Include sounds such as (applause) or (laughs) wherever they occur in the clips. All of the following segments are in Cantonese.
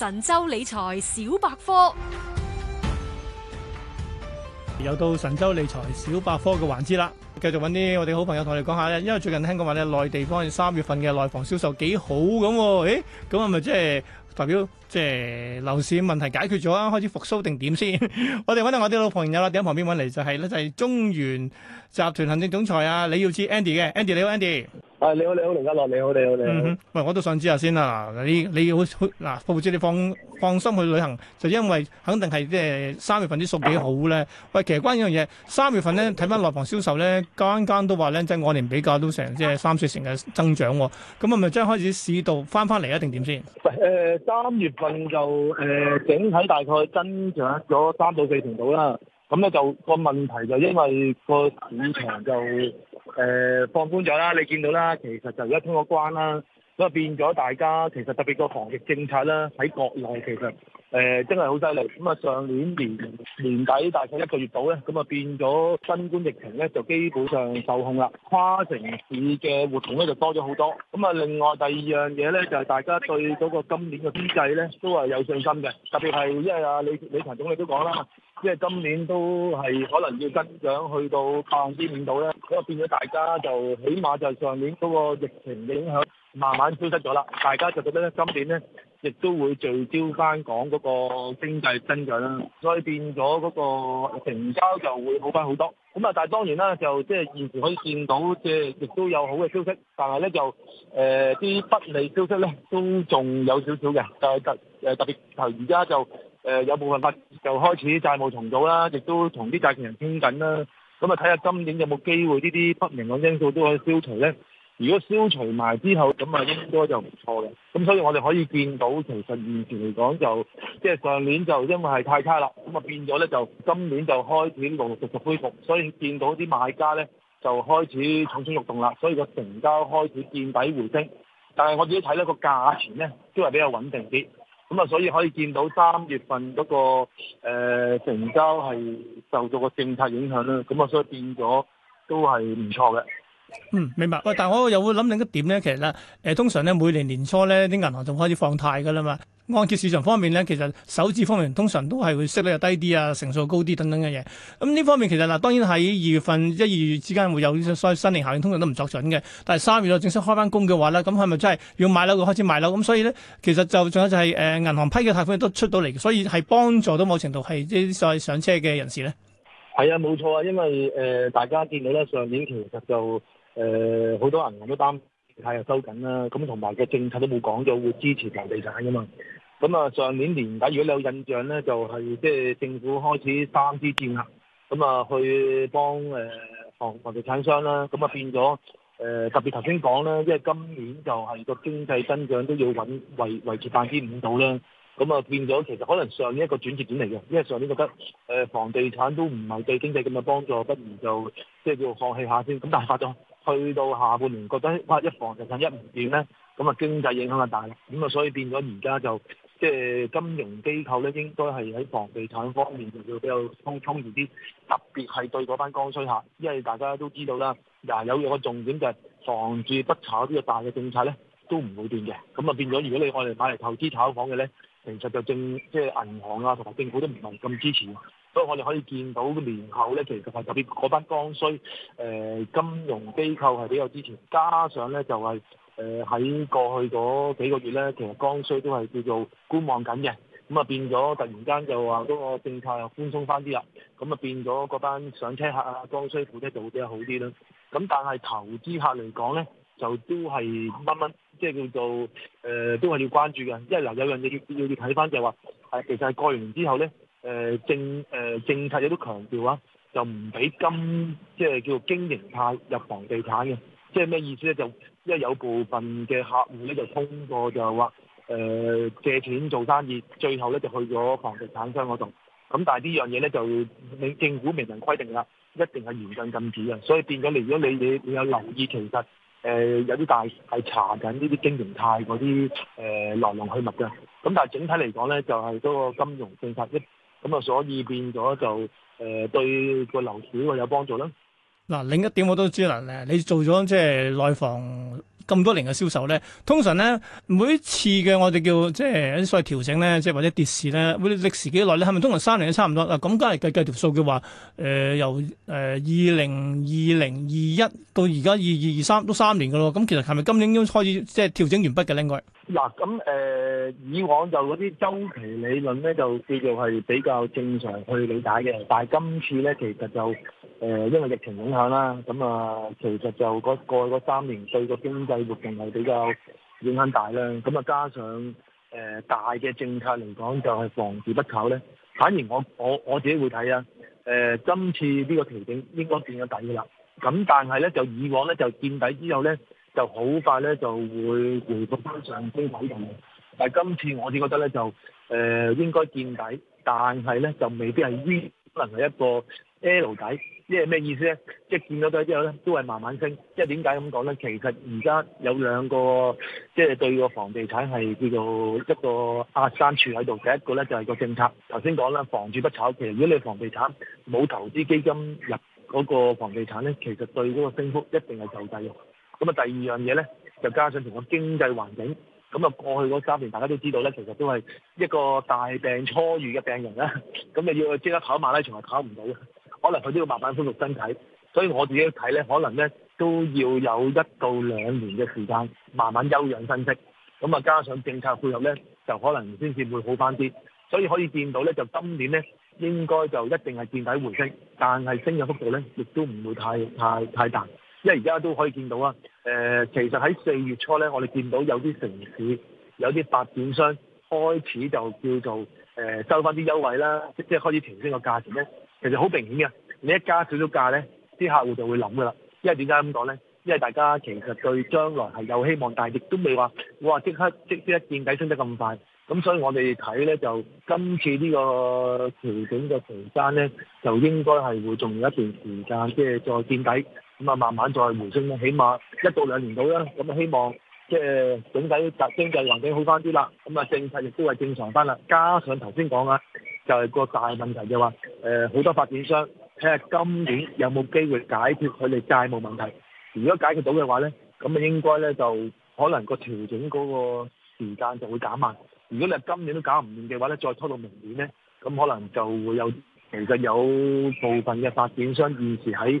神州理財小百科，又到神州理財小百科嘅環節啦。繼續揾啲我哋好朋友同你講下咧，因為最近聽講話咧，內地方三月份嘅內房銷售幾好咁，誒、欸，咁係咪即係代表即係樓市問題解決咗啊，開始復蘇定點先？ (laughs) 我哋揾到我啲老朋友啦，點喺旁邊揾嚟就係、是、咧就係、是、中原集團行政總裁啊李耀智 Andy 嘅 Andy 你好 Andy。啊！你好，你好，梁家樂，你好，你好，你好。你好，你好，嗯、喂，我都想知下先啊！你，你好，嗱，甚至你放放心去旅行，就因為肯定係即係三月份啲數幾好咧。喂，其實關於呢樣嘢，三月份咧睇翻內房銷售咧，間間都話咧，即係往年比較都即成即係三四成嘅增長、哦。咁係咪即係開始市道翻翻嚟一定點先？誒，三、呃、月份就誒、呃，整體大概增長咗三到四成度啦。咁咧就、個問題就因為個市場就。誒、呃、放寬咗啦，你見到啦，其實就而家通過關啦，咁啊變咗大家其實特別個防疫政策啦，喺國內其實誒、呃、真係好犀利，咁啊上年年年底大概一個月到咧，咁啊變咗新冠疫情咧就基本上受控啦，跨城市嘅活動咧就多咗好多，咁啊另外第二樣嘢咧就係、是、大家對嗰個今年嘅經濟咧都係有信心嘅，特別係因為啊李李陳總理都講啦。即係今年都係可能要增長去到百分之五度咧，咁啊變咗大家就起碼就上年嗰個疫情嘅影響慢慢消失咗啦，大家就覺得咧今年咧亦都會聚焦翻講嗰個經濟增長啦，所以變咗嗰個成交就會好翻好多。咁啊，但係當然啦，就即係現時可以見到，即係亦都有好嘅消息，但係咧就誒啲不利消息咧都仲有少少嘅，但係特誒特別頭而家就。誒有部分法就開始債務重組啦，亦都同啲債權人傾緊啦。咁啊睇下今年有冇機會呢啲不明嘅因素都可以消除咧。如果消除埋之後，咁啊應該就唔錯嘅。咁所以我哋可以見到，其實目前嚟講就即係、就是、上年就因為係太差啦，咁啊變咗咧就今年就開始陸陸續續恢復，所以見到啲買家咧就開始蠢蠢欲動啦，所以個成交開始見底回升。但係我自己睇呢個價錢咧都係比較穩定啲。咁啊，所以可以見到三月份嗰個誒成交係受咗個政策影響啦。咁啊，所以變咗都係唔錯嘅。嗯，明白。喂，但係我又會諗另一點咧，其實咧，誒、呃，通常咧每年年初咧，啲銀行就開始放貸噶啦嘛。按揭市場方面咧，其實手指方面通常都係會息率又低啲啊，成數高啲等等嘅嘢。咁、嗯、呢方面其實嗱，當然喺二月份一二月之間會有所謂新年效應，通常都唔作準嘅。但係三月又正式開翻工嘅話咧，咁係咪真係要買樓就開始買樓？咁、嗯、所以咧，其實就仲有就係、是、誒、呃，銀行批嘅貸款都出到嚟，所以係幫助到某程度係啲再上車嘅人士咧。係啊，冇錯啊，因為誒、呃、大家見到咧上年其實就。誒、呃，好多人我都擔心，貸又收緊啦，咁同埋嘅政策都冇講咗會支持房地產噶嘛。咁啊，上年年底如果你有印象咧，就係即係政府開始三支箭啊，咁啊去幫、呃、房房地產商啦。咁啊變咗誒、呃、特別頭先講啦，因為今年就係個經濟增長都要穩維維持百分之五度啦。咁啊變咗其實可能上年一個轉折點嚟嘅，因為上年覺得房地產都唔係對經濟咁嘅幫助，不如就即係、就是、叫放棄下先。咁但係發咗。去到下半年，覺得哇一房一就近一唔變咧，咁啊經濟影響就大啦，咁啊所以變咗而家就即係金融機構咧應該係喺房地產方面就要比較充充裕啲，特別係對嗰班剛需客，因為大家都知道啦，嗱有個重點就係房住不炒呢個大嘅政策咧都唔會斷變嘅，咁啊變咗如果你我哋買嚟投資炒房嘅咧，其實就政即係銀行啊同埋政府都唔係咁支持。所以我哋可以見到年後咧，其實係特別嗰班剛需，誒、呃、金融機構係比較支持，加上咧就係誒喺過去嗰幾個月咧，其實剛需都係叫做觀望緊嘅，咁啊變咗突然間就話嗰個政策又寬鬆翻啲啦，咁啊變咗嗰班上車客啊，剛需負擔就會比較好啲啦，咁但係投資客嚟講咧，就都係乜乜，即、就、係、是、叫做誒、呃、都係要關注嘅，因為嗱有樣嘢要要要睇翻就係、是、話其實係過完年之後咧。誒、呃、政誒、呃、政策有都強調啊，就唔俾金即係、就是、叫做經營貸入房地產嘅，即係咩意思咧？就因為有部分嘅客戶咧，就通過就係話、呃、借錢做生意，最後咧就去咗房地產商嗰度。咁但係呢樣嘢咧就你政府明文規定啦，一定係嚴禁禁止嘅。所以變咗你，如果你你你有留意，其實誒、呃、有啲大係查緊呢啲經營貸嗰啲誒來龍去脈㗎。咁但係整體嚟講咧，就係嗰個金融政策一。咁啊，所以變咗就誒、呃、對個樓市會有幫助啦。嗱，另一點我都知啦，你做咗即係內房咁多年嘅銷售咧，通常咧每次嘅我哋叫即係所謂調整咧，即係或者跌市咧，會歷時幾耐咧？係咪通常三年都差唔多？嗱，咁梗係計計條數嘅話，誒、呃、由誒二零二零二一到而家二二二三都三年㗎咯，咁其實係咪今年都開始即係調整完畢嘅應該？嗱，咁、呃、誒以往就嗰啲周期理論咧，就叫做係比較正常去理解嘅，但係今次咧其實就。誒，因為疫情影響啦，咁啊，其實就嗰過去嗰三年對個經濟活動係比較影響大啦。咁啊，加上誒大嘅政策嚟講，就係房住不炒咧。反而我我我自己會睇啊。誒，今次呢個調整應該見咗底嘅啦。咁但係咧，就以往咧就見底之後咧，就好快咧就會回復返上升走動。但係今次我自己覺得咧就誒應該見底，但係咧就未必係 V。可能係一個 L 底，即係咩意思咧？即係見到咗之後咧，都係慢慢升。即係點解咁講咧？其實而家有兩個，即係對個房地產係叫做一個壓山處喺度。第一個咧就係個政策，頭先講啦，房住不炒。其實如果你房地產冇投資基金入嗰個房地產咧，其實對嗰個升幅一定係受制嘅。咁啊，第二樣嘢咧，就加上同個經濟環境。咁啊，過去嗰三年大家都知道咧，其實都係一個大病初愈嘅病人啦。咁又要即刻跑一馬拉松，係跑唔到嘅，可能佢都要慢慢恢復身體。所以我自己睇咧，可能咧都要有一到兩年嘅時間慢慢休養生息。咁啊，加上政策配合咧，就可能先至會好返啲。所以可以見到咧，就今年咧應該就一定係見底回升，但係升嘅幅度咧，亦都唔會太太太大。因為而家都可以見到啊、呃，其實喺四月初咧，我哋見到有啲城市有啲發展商開始就叫做、呃、收翻啲優惠啦，即即係開始調整個價錢咧。其實好明顯嘅，你一加少少價咧，啲客戶就會諗噶啦。因為點解咁講咧？因為大家其實對將來係有希望，但係亦都未話哇即刻即即一見底升得咁快。咁所以我哋睇咧就今次個呢個調整嘅期間咧，就應該係會仲有一段時間，即係再見底。咁啊，慢慢再回升，起碼一到兩年度啦。咁啊，希望即係整體大經濟環境好翻啲啦。咁啊，政策亦都係正常翻啦。加上頭先講啊，就係、係、個大問題就話話，好、呃、多發展商睇下今年有冇機會解決佢哋債務問題。如果解決到嘅話咧，咁啊應該咧就可能個調整嗰個時間就會減慢。如果你係今年都搞唔掂嘅話咧，再拖到明年咧，咁可能就會有其實有部分嘅發展商現時喺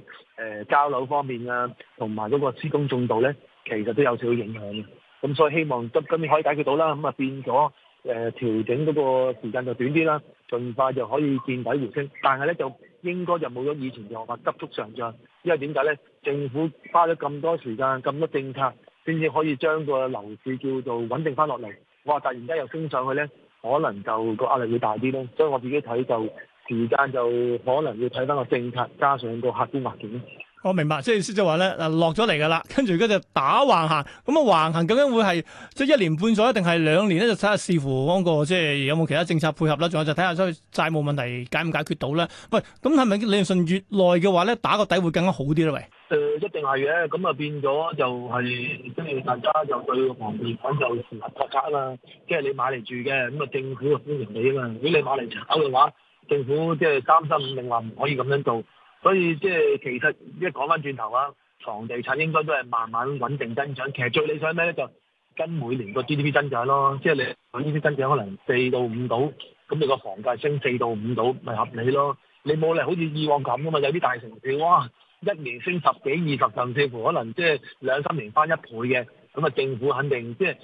交樓方面啊，同埋嗰個施工進度咧，其實都有少少影響嘅。咁所以希望今今年可以解決到啦。咁啊變咗誒，調整嗰個時間就短啲啦，盡快就可以見底回升。但係咧就應該就冇咗以前嘅話急速上漲，因為點解咧？政府花咗咁多時間咁多政策，先至可以將個樓市叫做穩定翻落嚟。哇！突然間又升上去咧，可能就個壓力會大啲咯。所以我自己睇就時間就可能要睇翻個政策，加上個客觀環境。我明白，即係意思就話咧嗱，落咗嚟噶啦，跟住而家就打橫行，咁啊橫行咁樣會係即係一年半載定係兩年咧，就睇下視乎嗰個即係有冇其他政策配合啦，仲有就睇下即係債務問題解唔解決到咧。喂，咁係咪李仁信越耐嘅話咧，打個底會更加好啲咧？喂，誒，一定係嘅，咁啊變咗就係跟住大家就對房地產就符合政策啦，即係、就是、你買嚟住嘅，咁啊政府啊歡迎你啊，如果你買嚟炒嘅話，政府即係擔心，唔定話唔可以咁樣做。所以即係其實一講翻轉頭啊，房地產應該都係慢慢穩定增長。其實最理想咧就跟每年個 GDP 增長咯，即係你喺呢啲增長可能四到五度，咁你個房價升四到五度咪合理咯？你冇理由好似以往咁㗎嘛，有啲大城市哇一年升十幾二十，甚至乎可能即係兩三年翻一倍嘅，咁啊政府肯定即係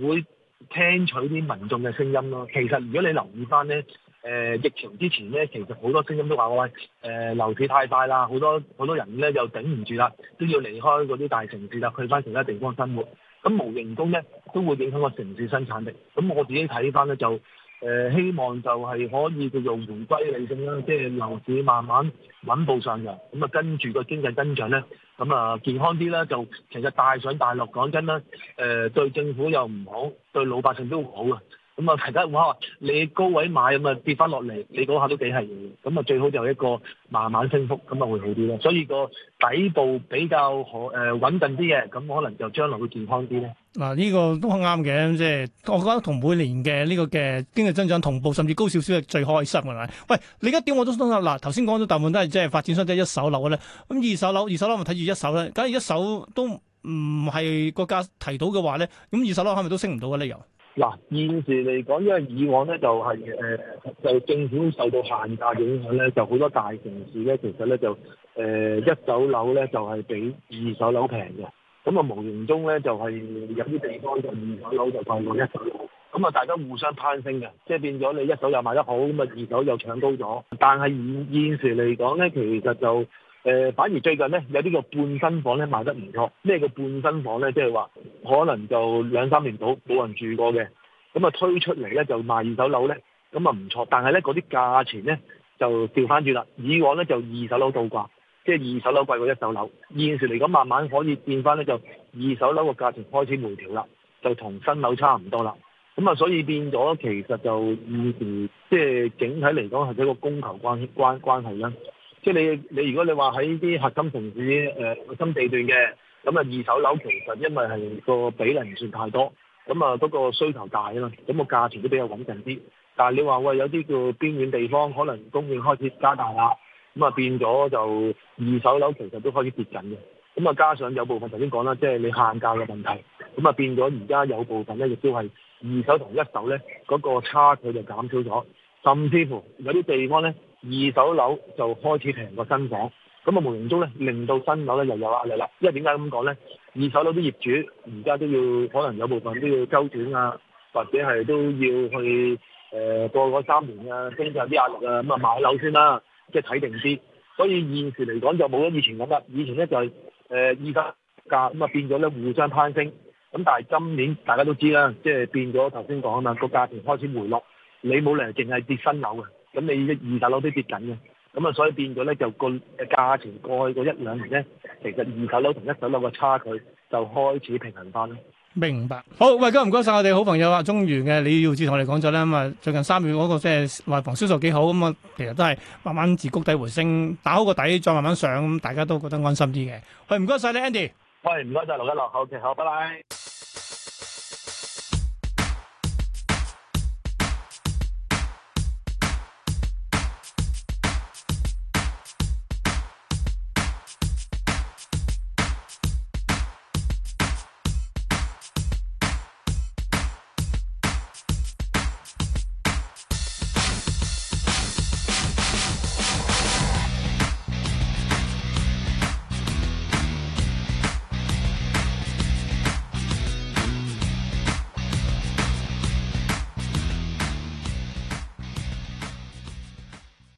會聽取啲民眾嘅聲音咯。其實如果你留意翻咧，誒、呃，疫情之前咧，其實好多聲音都話我喂，誒、呃、樓市太大啦，好多好多人咧又頂唔住啦，都要離開嗰啲大城市啦，去翻其他地方生活。咁無形中咧都會影響個城市生產力。咁我自己睇翻咧就、呃，希望就係可以叫做回歸理性啦，即係樓市慢慢穩步上揚。咁、嗯、啊跟住個經濟增長咧，咁、嗯、啊健康啲啦，就其實大上大落，講真啦、呃，對政府又唔好，對老百姓都唔好嘅。咁啊，大家話你高位買咁啊，跌翻落嚟，你嗰下都幾係咁啊，最好就一個慢慢升幅，咁啊會好啲咯。所以個底部比較可誒穩陣啲嘅，咁可能就將來會健康啲咧。嗱、這個，呢個都好啱嘅，即係我覺得同每年嘅呢個嘅經濟增長同步，甚至高少少係最開心。喂，你而家點我都想嗱，頭先講咗大部分都係即係發展商即係一手樓咧。咁二手樓，二手樓咪睇住一手咧。假如一手都唔係個價提到嘅話咧，咁二手樓係咪都升唔到嘅理由？嗱，現時嚟講，因為以往咧就係、是呃、就政府受到限價影響咧，就好多大城市咧，其實咧就誒、呃、一手樓咧就係比二手樓平嘅，咁啊無形中咧就係有啲地方就二手樓就貴過一手樓，咁啊大家互相攀升嘅，即係變咗你一手又賣得好，咁啊二手又搶高咗，但係現現時嚟講咧，其實就。誒、呃、反而最近咧，有啲叫半新房咧賣得唔錯。咩叫半新房咧？即係話可能就兩三年到冇人住過嘅，咁啊推出嚟咧就賣二手樓咧，咁啊唔錯。但係咧嗰啲價錢咧就掉翻轉啦。以往咧就二手樓倒掛，即係二手樓貴過一手樓。現時嚟講，慢慢可以變翻咧就二手樓嘅價錢開始回調啦，就同新樓差唔多啦。咁啊，所以變咗其實就以前即係整體嚟講係一個供求關係關係啦。即係你，你如果你話喺啲核心城市、呃、核心地段嘅，咁啊二手樓其實因為係個比例唔算太多，咁啊嗰個需求大啦，咁個價錢都比較穩陣啲。但係你話喂，有啲叫邊遠地方，可能供應開始加大啦，咁啊變咗就二手樓其實都開始跌緊嘅。咁啊加上有部分頭先講啦，即係你限價嘅問題，咁啊變咗而家有部分咧亦都係二手同一手咧嗰個差距就減少咗，甚至乎有啲地方咧。二手樓就開始平過新房，咁啊無形中咧令到新樓咧又有壓力啦。因為點解咁講咧？二手樓啲業主而家都要可能有部分都要周轉啊，或者係都要去誒過嗰三年啊，經濟有啲壓力啊，咁啊買樓先啦，即係睇定啲。所以現時嚟講就冇咗以前咁啦。以前咧就係誒二手價咁啊變咗咧互相攀升。咁但係今年大家都知啦，即係變咗頭先講啊嘛，個價錢開始回落，你冇理由淨係跌新樓嘅。咁你嘅二手樓都跌緊嘅，咁啊，所以變咗咧就個嘅價錢過去個一兩年咧，其實二手樓同一手樓個差距就開始平衡翻咯。明白。好，喂，今日唔該晒我哋好朋友啊，中原嘅李耀智同我哋講咗咧，咁啊，最近三月嗰個即係賣房銷售幾好，咁啊，其實都係慢慢自谷底回升，打好個底再慢慢上，咁大家都覺得安心啲嘅。喂，唔該晒你，Andy。喂，唔該晒劉一樂，好嘅，好，拜拜。